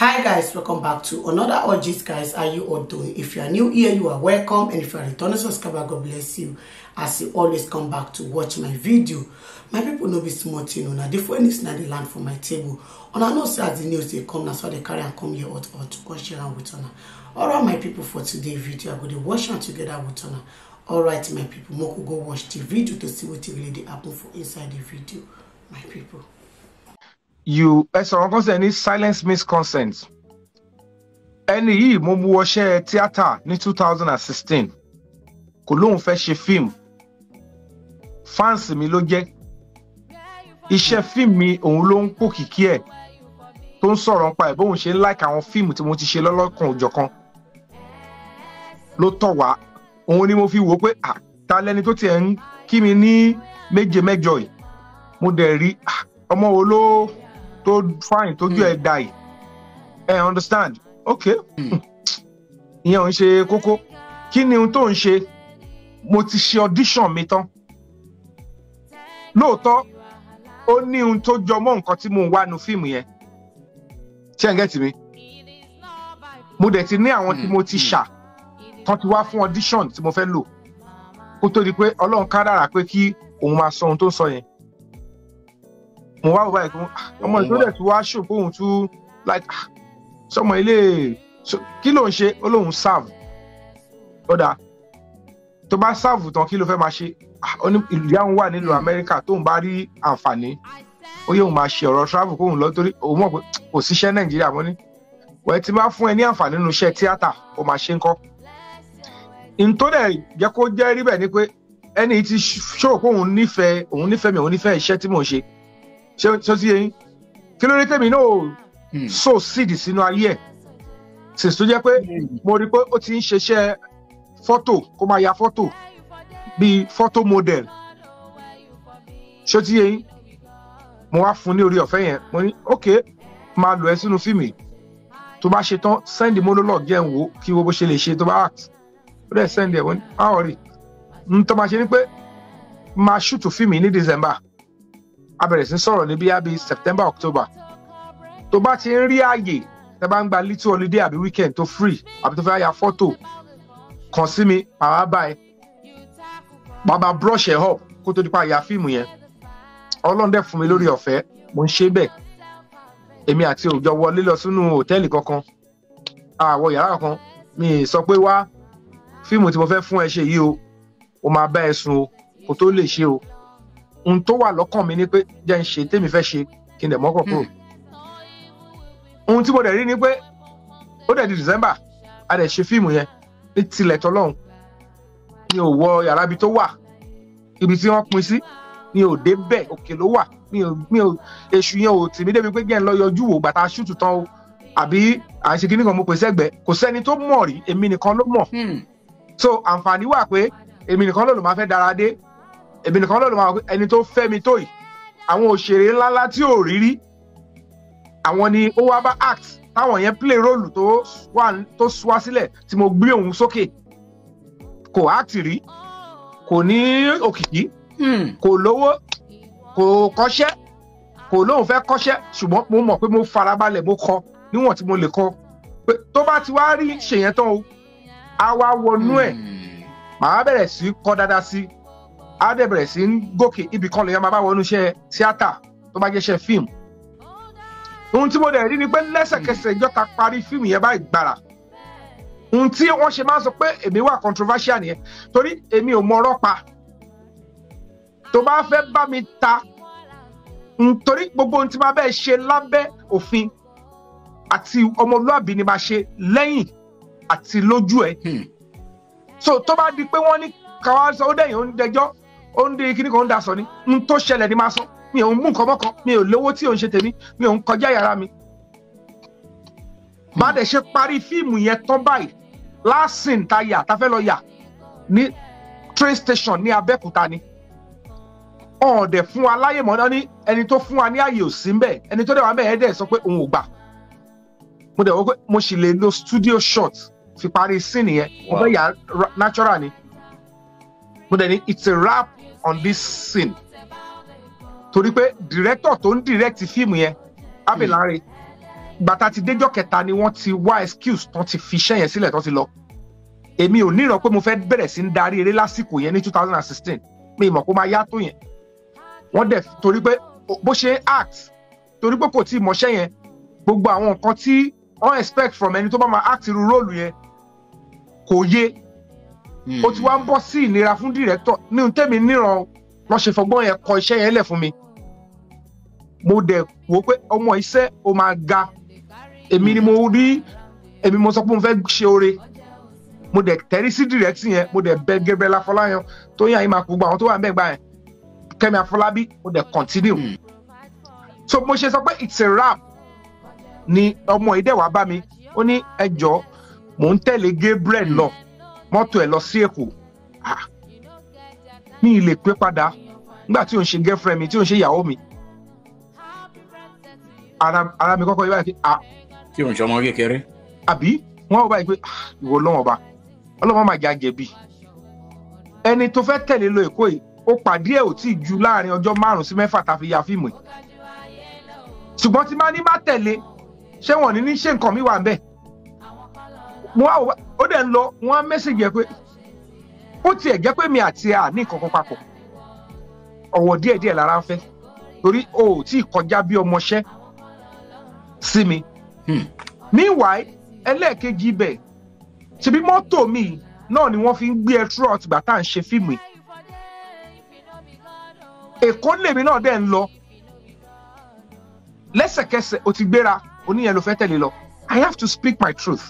hi guys welcome back to another orgies guys are you all doing if you are new here you are welcome and if you are returning subscriber god bless you as you always come back to watch my video my people no be small thing una the phone is not the land for my table una know say as the news they come na so they carry and come here hot hot come share am with una all right my people for today video i go dey watch am together with una all right my people make go watch the video to see what really dey happen for inside the video my people you ẹ sọ̀rọ̀ consent ní silence means consent ẹni yìí mo mú wọṣẹ́ tíátà ní two thousand and sixteen kò lóun fẹ́ ṣe fíìmù fáǹsì mi ló jẹ́ iṣẹ́ fíìmù mi òun ló ń pò kìkì ẹ̀ tó ń sọ̀rọ̀ nípa ẹ̀ bóun ṣe ń láìka àwọn fíìmù tí mo ti ṣe lọ́lọ́kan òjọ̀kan ló tọ̀ wá òun ni mo fi wò ó pé à ta lẹni tó tiẹ̀ ń kí mi ní méje mẹ́jọ yìí mo dẹ̀ rí ọmọ wo ló. Lo tó fine tójú hmm. ẹ̀ dà yìí ẹ understand ok hmm. ìyẹn ò ń ṣe kókó kí ni ohun tó ń ṣe mo ti ṣe audition mi tán lóòótọ́ ó ní ohun tó jọ mọ́ nǹkan tí mo ń wá fíìmù yẹn ṣé ẹ̀ ń gẹ́tì mi mo dẹ̀ ti ní àwọn tí hmm. mo ti ṣà tán ti wá fún audition tí mo fẹ́ lò kó tó di pé ọlọ́run kádàrà pé kí òun máa sọ ohun tó ń sọ yẹn mo wá wò báyìí ah, ọmọ ìtọ́jẹ̀ tí wàá ṣòfò òun tún like ah, sọmọ ilé kí ló ń ṣe ó lóun serve ọ̀dà tó bá serve tán kí ló fẹ́ máa ṣe ah, ìyá òun wà nílùú Amẹ́ríkà tóun bá rí àǹfààní ó yóò máa ṣe ọ̀rọ̀ travel kóun lọ torí òun mọ̀ pé kò síṣẹ́ Nàìjíríà mọ́ ní wọ́n ti máa fún ẹ ní àǹfààní nínú iṣẹ́ tíátà ó máa ṣe ń kọ́ ntọ́dẹ̀ jẹ́ kó jẹ́ rí bẹ́ẹ̀ ni pé ẹni tí ṣòkó òun nífẹ̀ẹ́ òun nífẹ̀ẹ́ mi òun nífẹ̀ẹ́ iṣẹ́ tí mò ń ṣe ṣé sí eyín kí ló dé tèmi náà hmm. so seed sínú ayé ẹ̀ since tó jẹ́ pé hmm. mo rí i pé ó ti ń ṣeṣẹ́ fọ́tò kó máa ya fọ́tò bíi fọ́tò model ṣé ti yé mo wá fún ní orí ọ̀fẹ́ yẹn mo ní ok máa lò ẹ́ sínú fíìmù tó bá ṣe tán send monologue yẹn wò kí wo bó ṣe lè ṣe tó bá act ó dẹ̀ send ẹ̀ wọ́n ní báwọ̀ rí n tó máa ṣe ni pé máa ṣùtù fíìmù ní December a bẹ̀rẹ̀ sí sọ̀rọ̀ ní bíyà bíi September October tó bá ti ń rí ààyè tẹ bá ń gba little holiday àbí weekend tó free àbí tó fẹ́ ya fọ́tò kàn sí mi màá bá bàbá brush ẹ up kó tó dípa àyà fíìmù yẹn ọlọ́run dẹ̀ fún mi lórí ọ̀fẹ́ mo ń ṣe bẹ́ẹ̀ èmi àti òòjọ́ wọlé lọ sínú hòtẹ́ẹ̀lì kankan àwọ̀ yàrá kan mi ì sọ pé wá fíìmù tí mo fẹ́ fún ẹ ṣe yìí o mo máa bá ẹ sùn o kó tó lè ṣe o ohun tó wà lọ́kàn mi ni pé jẹ́ ń ṣe tèmi fẹ́ ṣe kí n dẹ̀ mọ́kàn kúrò ohun tí mo dẹ̀ rí ni pé ó dẹ̀ di December a dẹ̀ ṣe fíìmù yẹn ní tilẹ̀ tọ́lọ́hún mi ò wọ yàrá ibi tó wà ibi tí wọ́n pín sí mi ò dé bẹ́ẹ̀ òkè ló wà mi ò mi ò èṣù yẹn ò tì mí débi pé gẹ́n lọ yọjú wò gbàtà ṣùtù tán o àbí à ń ṣe kíní kan mo pèsè ẹgbẹ́ kò sẹ́ni tó mọ̀ rí èmi nìkan ló mọ̀ hmm. so àǹfààní wà pé èmi nìkan ló lò máa fẹ́ dára dé èmi nìkan lọ́dọ̀ máa ẹni tó fẹ́ mi tó yìí àwọn òṣèré ńláńlá tí ò rí rí àwọn ni ó wá bá act táwọn yẹn play role tó wà tó wá sílẹ̀ tí mo gbé òun sókè kò act rí kò ní òkìkí hmm. kò lówó kò kọ́ṣẹ́ kò lóun fẹ́ kọ́ṣẹ́ ṣùgbọ́n mo mọ̀ pé mo farabalẹ̀ mo kọ níwọ̀n tí mo lè kọ tó bá ti wá rí ṣèyẹn tán o a wá wọnú ẹ̀ hmm. màá bẹ̀rẹ̀ sí kọ dáadáa sí i á dẹ̀ bẹ̀rẹ̀ sí ń gòkè ibì kan lèèyàn máa bá wọnú iṣẹ́ tíátà tó bá jẹ́ iṣẹ́ fíìmù ohun tí mo dẹ̀ rí ni pé lẹ́sẹ̀kẹsẹ̀ ìjọta parí fíìmù yẹn báyìí gbàrà ohun tí wọ́n ṣe máa ń sọ pé èmi wà controversial nìyẹn torí èmi ò mọ ọ̀rọ̀ pa tó bá fẹ́ bá mi ta nítorí gbogbo ohun tí máa bẹ́ẹ̀ ṣe lábẹ́ òfin àti ọmọlúàbí ni máa ṣe lẹ́yìn àti lójú ẹ̀ hmm. so tó bá di pé wọ́n ní káwá sọ ó dẹ̀yìn ó ń dẹjọ́ ó ń dé kíní kan ó ń da sọ ni n tó ṣẹlẹ̀ ni máa sọ mi ò ń mú nǹkan mọ́kan mi ò lówó tí ò ń ṣe tèmi mi ò ń kọjá yàrá mi. bá dẹ̀ ṣe parí fíìmù yẹn tán báyìí lásìn ta yà ta fẹ́ lọ yà ní train station ní Abẹ́òkúta ni ọ̀ọ́dẹ̀ fún wa láyè mọ́ náà ní ẹni tó fún wa ní àyè ò sí ẹni tó dẹ̀ wá mẹ́ẹ̀ẹ́ dẹ̀ sọ pé òun ò gbà mo dẹ̀ wọ́n pé mo sì lè lo studio shot fi parí scene yẹn mo fẹ́ yà natural ni But dẹ̀ it's a wrap on this scene torí pé director tó ń direct fíìmù yẹn Abelanre gbàtà ti déjọ́ kẹta ni wọ́n ti wá excuse tán ti fi iṣẹ́ yẹn sílẹ̀ tán ti lọ èmi ò ní ìrọ̀ pé mo fẹ́ bẹ̀rẹ̀ sí ń darí eré lásìkò yẹn ní two thousand and sixteen mi ìmọ̀ kó máa yá tó yẹn wọ́n dẹ̀ torí pé bó ṣe act torí pé kò tí ì mọṣẹ́ yẹn gbogbo àwọn nǹkan tí wọ́n expect from ẹni tó bá máa act irú róòlù yẹn kò yé o ti wá ń bọ́ sí ìnira fún dìrẹ́tọ̀ ní ohun tẹ́mi níran wọ́n ṣe fọgbọ́n yẹn kọ iṣẹ́ yẹn lẹ̀ fún mi mo dẹ̀ wò pé ọmọ iṣẹ́ ó máa ga èmi ni mo rí èmi mo sọ pé mo fẹ́ ṣe oore mo dẹ̀ tẹ́rí sí dìrẹ́tì yẹn mo dẹ̀ bẹ Gabriel Afọláyan tó yàn yín máa kú gbọ́ àwọn tó wà níbẹ̀ gbà yẹn Kẹ́mi Afọlábí mo dẹ̀ continue hmm. so mo ṣe sọ pé it's a rap. ni ọmọ ìdẹ̀wà bá mi ó ní ẹjọ́ mò ń tẹ̀lé Gabriel lọ. Mm mọ́tò ẹ̀ lọ sí èkó mi ì lè pé padà nígbà tí ò ń ṣe girlfriend mi tí ò ń ṣe ìyàwó mi ara mi kọ́kọ́ yóò wáyé pé a. tí ò ń ṣe ọmọ kékeré. àbí wọn ò báyìí pé ìwọ lọ́wọ́ ọba ọlọ́mọ máa jà jẹ̀bi ẹni tó fẹ́ tẹ̀lé lọ èkó yìí ó pàdé ẹ̀ ò tí ì ju láàrin ọjọ́ márùn-ún sí mẹ́fà tá a fi ya fíìmù yìí ṣùgbọ́n tí máa ní má tẹ̀lé ṣé wọn ní ní ṣe nǹkan mi wà ń mo wá ó dẹ̀ ń lọ wọ́n á mẹ́sàgì ẹ̀ pé ó tiẹ̀ jẹ́ pé mi àti ẹ̀ à ní kankan papọ̀ ọ̀wọ̀ díẹ̀díẹ̀ lára ń fẹ́ torí o ò tí ì kọjá bí ọmọṣẹ́ sí mi. Hmm. meanwhile ẹlẹ́ẹ̀kejì ibẹ̀ ṣebí mọ́tò mi náà ni wọ́n fi ń gbé ẹ throughout ìgbà tá à ń ṣe fíìmù yìí. èkó lèmi náà dẹ̀ ń lọ lẹ́sẹ̀kẹsẹ̀ o ti gbéra oníyẹn ló fẹ́ tẹ̀lé lọ I have to speak my truth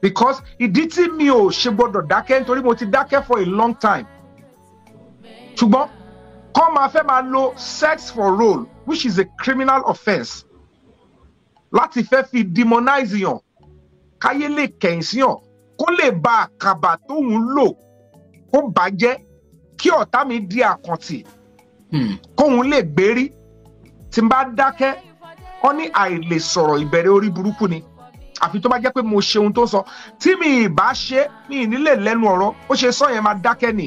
because ìdí tí mi ò ṣe gbọdọ̀ dákẹ́ nítorí mo ti dákẹ́ for a long time ṣùgbọ́n kọ́ máa fẹ́ máa lo sex for role which is a criminal offence láti fẹ́ fi demonize yàn káyé lè kẹ̀yìn sí yàn kó lè ba àkàbà tóun lò kó bàjẹ́ kí ọ̀tá mi di àkàntì hmm. kóun lè gbérí tí n bá dákẹ́ wọ́n ní àìlè sọ̀rọ̀ ìbẹ̀rẹ̀ orí burúkú ni. Hmm àfi tó bá jẹ́ pé mo ṣe ohun tó sọ tí mi ì ṣe mi ì lẹ́nu ọ̀rọ̀ ó ṣe sọ yẹn máa dákẹ́ nì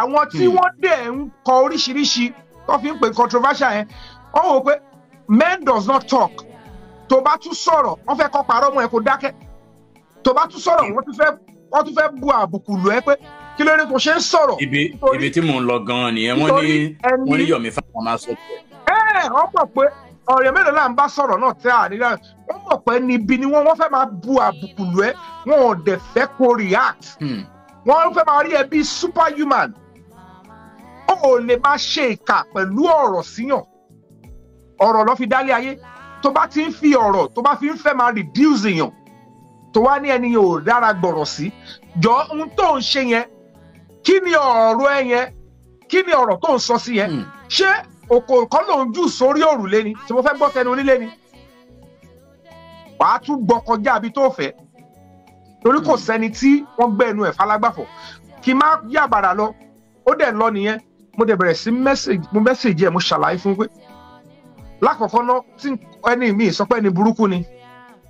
àwọn tí hmm. wọ́n dẹ̀ ń kọ oríṣiríṣi tó fi ń pè controversial yẹn ó wò pé men does not talk tó bá tún sọ̀rọ̀ wọ́n fẹ́ kọ́ parọ́ mọ́ ẹ kó dákẹ́ tó bá tún sọ̀rọ̀ wọ́n tún fẹ́ wọ́n tún fẹ́ bu àbùkù lù ẹ́ pé kí ló dé tó ṣe ń sọ̀rọ̀. ibi ibi tí mò ń lọ gan-an nìyẹn wọ́n ní wọ́n ní Yomi Fash máa sọ. ẹ ẹ ọ pọ̀ pé ọ̀rẹ́ mélòó là ń bá sọ̀rọ̀ náà tẹ́ à nílẹ̀ wọ́n mọ̀ pé níbi ni wọ́n wọ́n fẹ́ máa bu àbùkù lù ẹ́ wọn ò dẹ̀ fẹ́ kó react hmm. wọ́n fẹ́ máa rí ẹ bí superhuman ó ò lè máa ṣe ìkà pẹ̀lú ọ̀rọ̀ síyàn ọ̀rọ̀ ló fi dálé ayé tó bá ti ń fi ọ̀rọ̀ tó bá fi ń fẹ́ máa reduce èèyàn tó wá ní ẹni ò dára gbọ̀rọ̀ sí jọ ohun tó ń ṣe yẹn kí ni ọ̀rọ̀ ẹ yẹn kí ni ọ̀rọ̀ tó ń sọ sí yẹn hmm. ṣé òkò nǹkan lòun jù sórí òrùlé ni tí mo fẹ́ gbọ́ tẹnu onílé ni wàá tún gbọ́ kọjá àbí tó fẹ́ torí kò sẹ́ni tí wọ́n gbẹ́ ẹnu ẹ̀ falágbàfọ̀ kí n má yàbàrà lọ ó dẹ̀ lọ nìyẹn mo dẹ̀ bẹ̀rẹ̀ sí mo mẹ́sàgì ẹ̀ mo ṣàlàyé fún pé lákọ̀ọ́kọ́ náà tí ẹni mi sọ pé ẹni burúkú ni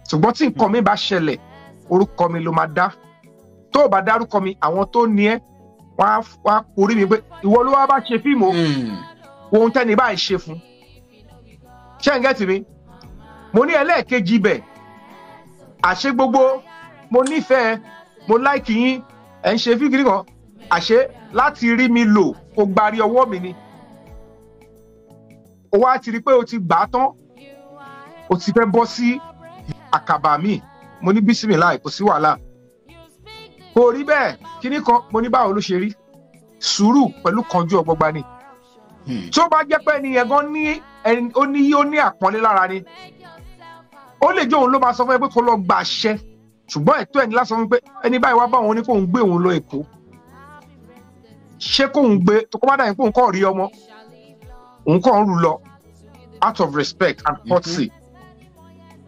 ṣùgbọ́n tí nǹkan mi bá ṣẹlẹ̀ orúkọ mi ló máa dá tó o bá dárúkọ mi àwọn tó ní ẹ wọ́n á orí mi pé ìwọ ló wá bá ṣe fíìmù o. Hmm ohun tẹ́ni bá ń ṣe fún ṣé ń gẹ́tì mi mo ní ẹlẹ́ẹ̀kejì ibẹ̀ àṣé gbogbo mo nífẹ̀ẹ́ mo láìkì yín ẹ̀ ń ṣe fíkìrì kan àṣé láti rí mi lò kó gbarí ọwọ́ mi ni o wá ti rí i pé o ti gbà á tán o ti fẹ́ bọ́ sí àkàbà mi mo ní bísímìlá kò sí wàhálà kò rí bẹ́ẹ̀ kíní kan mo ní báwo ló ṣe rí sùúrù pẹ̀lú kanjú ọgbọgba ni. Hmm. tí ó bá jẹ́ pé ẹni yẹn gan ní ó ní yí ó ní àpọ́nlé lára ni ó lè jẹ́ òun ló máa sọ fún ẹ pé kó lọ gba àṣẹ ṣùgbọ́n ẹ̀tọ́ ẹni lásán wípé ẹni báyìí wá bá òun ní kóun gbé òun lọ Èkó ṣé kóun gbé kó má dàbí kóun kọ́ rí ọmọ òun kọ́ ń rú lọ out of respect and hmm. courtesy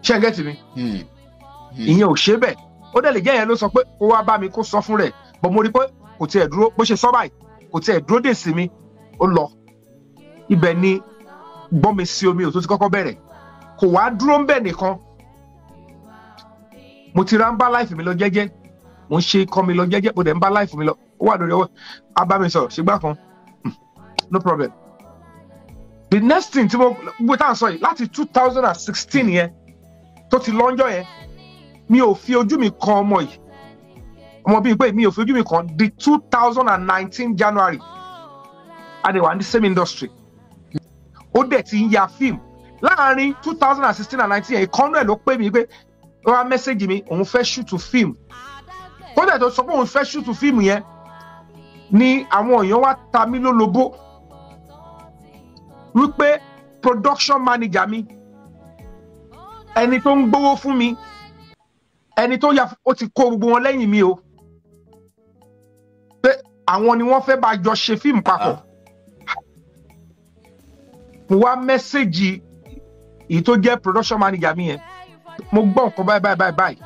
ṣé ẹ gẹ́tì mi hmm. ìyẹn ò ṣe bẹ́ẹ̀ ó dẹ̀ lè jẹ́ yẹn ló sọ pé kó wá bá mi kó sọ fún rẹ̀ bọ́ mo rí pé kò tiẹ̀ dúró bó ṣe sọ báyìí kò tiẹ̀ dúró dè sí mi ó lọ ibẹ̀ ni gbọ́nmi sí omi ò tó ti kọ́kọ́ bẹ̀rẹ̀ kò wá dúró ń bẹ̀ nìkan mo ti ra ń bá láìfì mi lọ jẹ́jẹ́ mo ń ṣe ikọ́ mi lọ jẹ́jẹ́ mo dẹ̀ ń bá láìfì mi lọ ó wà lórí ọwọ́ abámisọ̀rọ̀ ṣùgbọ́n kan hmm. no problem the next thing tí mo gbé tá à ń sọ yìí láti two thousand and sixteen yẹn tó ti lọ́njọ́ yẹn mi ò fi ojú mi kan ọmọ yìí ọmọ bíi pé mi ò fi ojú mi kan di two thousand and nineteen January adéwà ní same industry ó dẹ̀ ti ń ya fíìmù láàárín two thousand and sixteen and nineteen yẹn conrad ló pè mí pé ó wá mẹ́sẹ̀gì mi òun fẹ́ ṣùtù fíìmù kódà tó sọ pé òun fẹ́ ṣùtù fíìmù yẹn ni àwọn èèyàn wá ta mí lólobó wípé production manager mi ẹni tó ń gbowó fún mi ẹni tó yà ó ti kó gbogbo wọn lẹ́yìn mi o pé àwọn ni wọ́n fẹ́ bá jọ ṣe fíìmù papọ̀. Uh mo wá mẹ́sẹ̀gì èyí tó jẹ́ production manager mi yẹn mo gbọ́ nǹkan báyìí báyìí báyìí báyìí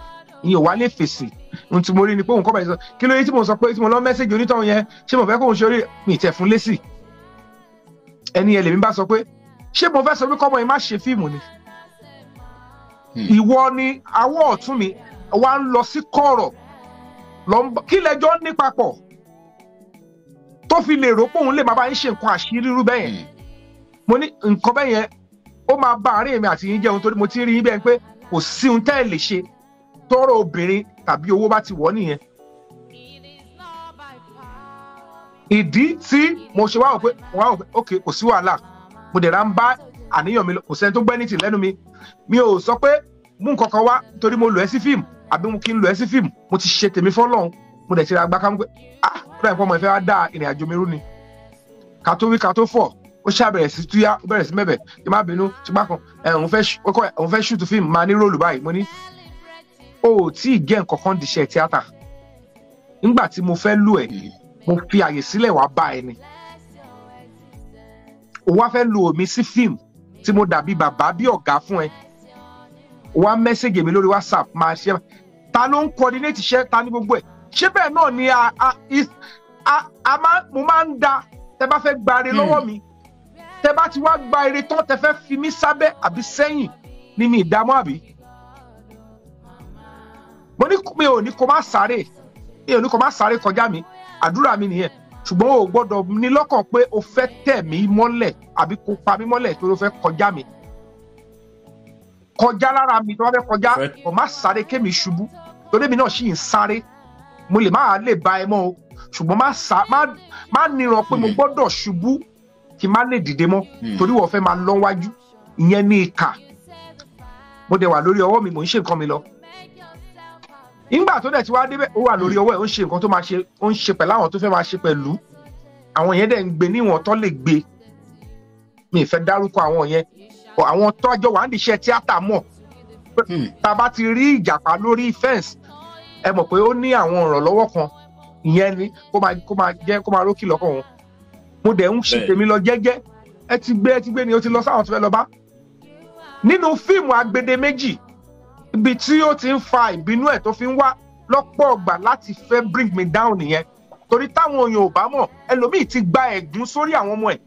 ìyẹn ò wá lè fèsì ohun tí mo rí ni pé òun kọ́ báyìí sọ kí ló yẹ tí mo sọ pé tí mo lọ mẹ́sẹ̀gì onítọ̀hún yẹn ṣé mo fẹ́ kóun ṣe orí mi tẹ̀ fún lésì ẹni yẹn lèmi bá sọ pé ṣé mo fẹ́ sọ pé kọ́mọ yẹn má ṣe fíìmù ni hmm. ìwọ ni awọ ọ̀tún mi wa ń lọ sí kọ̀rọ̀ kí lẹjọ́ ní papọ̀ tó fi lè rò pé òun lè má bá ń ṣe nǹkan àṣírí rú bẹ́yẹn hmm mo ní nǹkan bẹ́ẹ̀ yẹn ó máa bá àárín èmi àti yín jẹun torí mo ti rí bẹ́ẹ̀ pé kò sí ohun tẹ́ ẹ̀ lè ṣe tọ́rọ̀ obìnrin tàbí owó bá ti wọ̀ nìyẹn. ìdí tí mo ṣe wá wò pé wá wò pé ok kò sí wàhálà mo dẹ̀ ra ń bá àníyàn mi lọ kò sẹ́ni tó gbẹ́ ní tì lẹ́nu mi mi ò sọ pé mú nǹkan kan wá torí mo lò ẹ́ sí fíìmù àbí mo kí n lò ẹ́ sí fíìmù mo ti ṣe tèmi fọ́lọ́run mo dẹ̀ ti ra agbákámú pé ah ó dà ní pọ́ ọmọ ìfẹ́ wá dá ìrìn àjò mi rú ni kàtó wí kàtó fọ̀ ó ṣàbẹ̀rẹ̀ sí túyá ó bẹ̀rẹ̀ sí mẹ́bẹ̀ tí má bínú tí má kan òun fẹ́ ṣùtù fíìmù máa ní róòlù báyìí mo ní o ò tí ì gé nǹkan kan díṣẹ́ tíátà nígbà tí mo fẹ́ lù ẹ́ mo fi àyè sílẹ̀ wá bá ẹ ni o wá fẹ́ lu omi sí fíìmù tí mo dàbí bàbá bí ọ̀gá fún ẹ o wá mẹ́sẹ̀gì mi lórí whatsapp máa ṣe ta ló ń coordinate iṣẹ́ ta ní gbogbo ẹ̀ ṣé bẹ́ẹ̀ náà ni a máa mo máa ń da tẹ bá fẹ́ gbare lọ́wọ́ mi. Mm tẹ bá ti wá gba ire tán tẹ fẹ́ fi mí sábẹ́ àbí sẹ́yìn ni mi ìdààmú àbí. mo ní mi ò ní kó má sáré mi ò ní kó má sáré kọjá mi àdúrà mi nìyẹn ṣùgbọ́n o gbọ́dọ̀ ní lọ́kàn pé o fẹ́ tẹ̀ mí mọ́lẹ̀ àbí kó pa mí mọ́lẹ̀ torí o fẹ́ kọjá mi kọjá lára mi tó bá fẹ́ kọjá o má sáré kémi ṣubú torí mi náà sì ń sáré mo lè má lè ba ẹ mọ́ o ṣùgbọ́n má níràn pé mo gbọ́dọ̀ ṣubú kí n má lè dìde mọ́ hmm. torí wọ́n fẹ́ máa lọ wájú ìyẹn ní ìkà mo dẹ̀ wà lórí ọwọ́ mi mò ń ṣe nǹkan mi lọ nígbà tó dẹ̀ ti wá débẹ̀ ó wà lórí ọwọ́ ẹ̀ ó ń ṣe nǹkan tó máa ṣe ó ń ṣe pẹ̀lú àwọn tó fẹ́ máa ṣe pẹ̀lú àwọn yẹn dẹ̀ ń gbé níwọ̀n tó lè gbé mi fẹ́ dárúkọ àwọn yẹn àwọn tọ́jọ́ wà nídìí iṣẹ́ tíátà mọ̀ hmm. tá a bá ti rí ìjàpá lórí fẹ́ǹsì ẹ mọ̀ pé ó ní àwọn ìrànlọ́wọ́ kan ìyẹn ni kó máa jẹ́ kó máa rókì lọ́kàn wọn mo dẹ̀ ń ṣe tèmi lọ jẹ́jẹ́ ẹ ti gbé ẹ ti gbé ni o ti lọ sáwọn tó fẹ́ lọ bá nínú fíìmù agbede méjì ibi tí ó ti ń fa ìbínú ẹ̀ tó fi ń wá lọ́pọ̀ ọgbà láti fẹ́ bring me down nìyẹn torí táwọn èèyàn bá mọ̀ ẹlòmíì ti gba ẹ̀gún sórí àwọn ọmọ ẹ̀